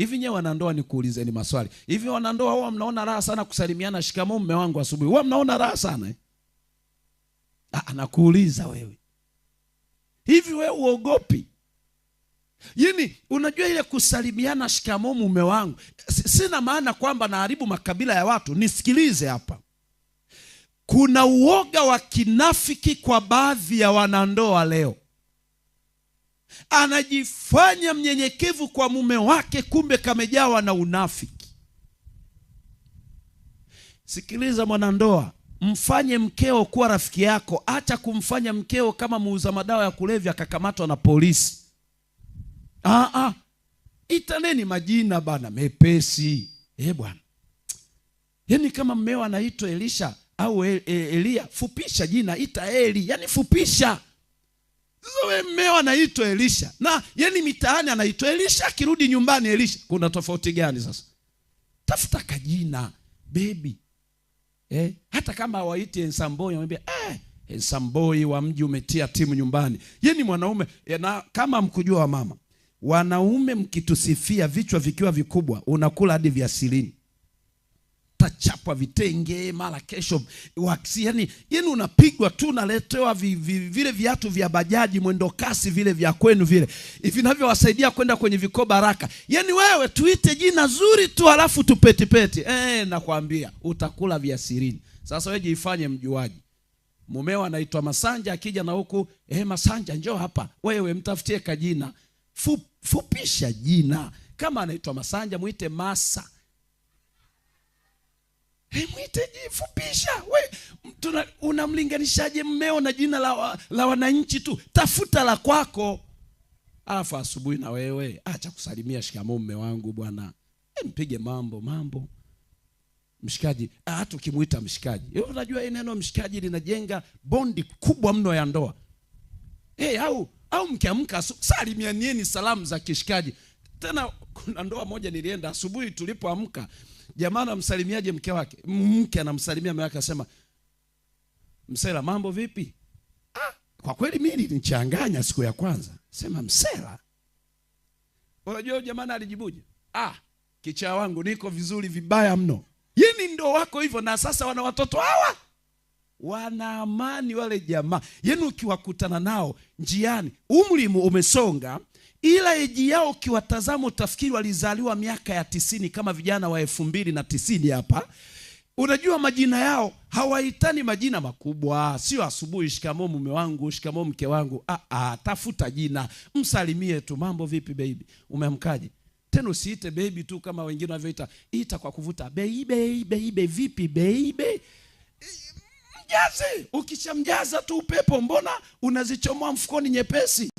Hivi nyewe wanandoa, nikuulizeni maswali. Hivi wanandoa huwa mnaona raha sana kusalimiana shikamo mume wangu asubuhi? Huwa mnaona raha sana eh? Ah, nakuuliza wewe. Hivi wewe uogopi? yini unajua ile kusalimiana shikamo mume wangu, sina maana kwamba naharibu makabila ya watu. Nisikilize hapa. Kuna uoga wa kinafiki kwa baadhi ya wanandoa leo anajifanya mnyenyekevu kwa mume wake, kumbe kamejawa na unafiki. Sikiliza mwanandoa, mfanye mkeo kuwa rafiki yako. Acha kumfanya mkeo kama muuza madawa ya kulevya akakamatwa na polisi. Ah, ah. Itaneni majina bana mepesi. Eh bwana, yaani kama mmeo anaitwa Elisha au e, e, Elia, fupisha jina, ita Eli, yaani fupisha sasa wewe mmeo anaitwa Elisha na yeni mitaani anaitwa Elisha, akirudi nyumbani Elisha. Kuna tofauti gani sasa? Tafuta kajina bebi eh, hata kama hawaiti Ensamboi, amwambia eh, Ensamboi wa mji umetia timu nyumbani. ni mwanaume eh, na kama mkujua wa mama wanaume, mkitusifia vichwa vikiwa vikubwa, unakula hadi vya silini utachapwa vitenge mara kesho waksi, yani, yani unapigwa tu, naletewa vi, vi, vile viatu vya bajaji mwendo kasi vile vya kwenu vile vinavyowasaidia kwenda kwenye viko baraka. Yani wewe tuite jina zuri tu halafu tupetipeti e, nakwambia utakula vya sirini. Sasa wewe jifanye mjuaji. Mumeo anaitwa Masanja, akija na huku eh, Masanja njoo hapa, wewe mtafutie kajina, fupisha jina. Kama anaitwa Masanja mwite Masa Hey, mwite jifupisha. We, unamlinganishaje mmeo na jina la, la wananchi tu? Tafuta la kwako, alafu asubuhi na wewe acha kusalimia shikamoo mme wangu bwana. E, mpige mambo mambo mshikaji. Ah, hata ukimwita mshikaji, e, unajua hii neno mshikaji linajenga bondi kubwa mno ya ndoa. Hey, eh, au au mkiamka salimianieni salamu za kishikaji. Tena kuna ndoa moja nilienda asubuhi tulipoamka Jamaa anamsalimiaje mke wake? Mke anamsalimia mke wake asema, Msela mambo vipi? Ah, kwa kweli mimi nilichanganya siku ya kwanza. Sema Msela. Unajua jamaa alijibuje? Ah, kichaa wangu niko vizuri vibaya mno. Yeni ndo wako hivyo na sasa wana watoto hawa. Wana amani wale jamaa. Yenu yaani ukiwakutana nao njiani, umlimu umesonga ila eji yao ukiwatazama utafikiri walizaliwa miaka ya tisini kama vijana wa elfu mbili na tisini hapa. Unajua majina yao hawahitani majina makubwa, sio asubuhi, shikamo mume wangu, shikamo mke wangu. Ah, ah, tafuta jina, msalimie tu, mambo vipi baby, umeamkaje? Tena usiite baby tu kama wengine wanavyoita, ita kwa kuvuta, baby baby, vipi baby Mjaze, ukishamjaza tu upepo, mbona unazichomoa mfukoni nyepesi?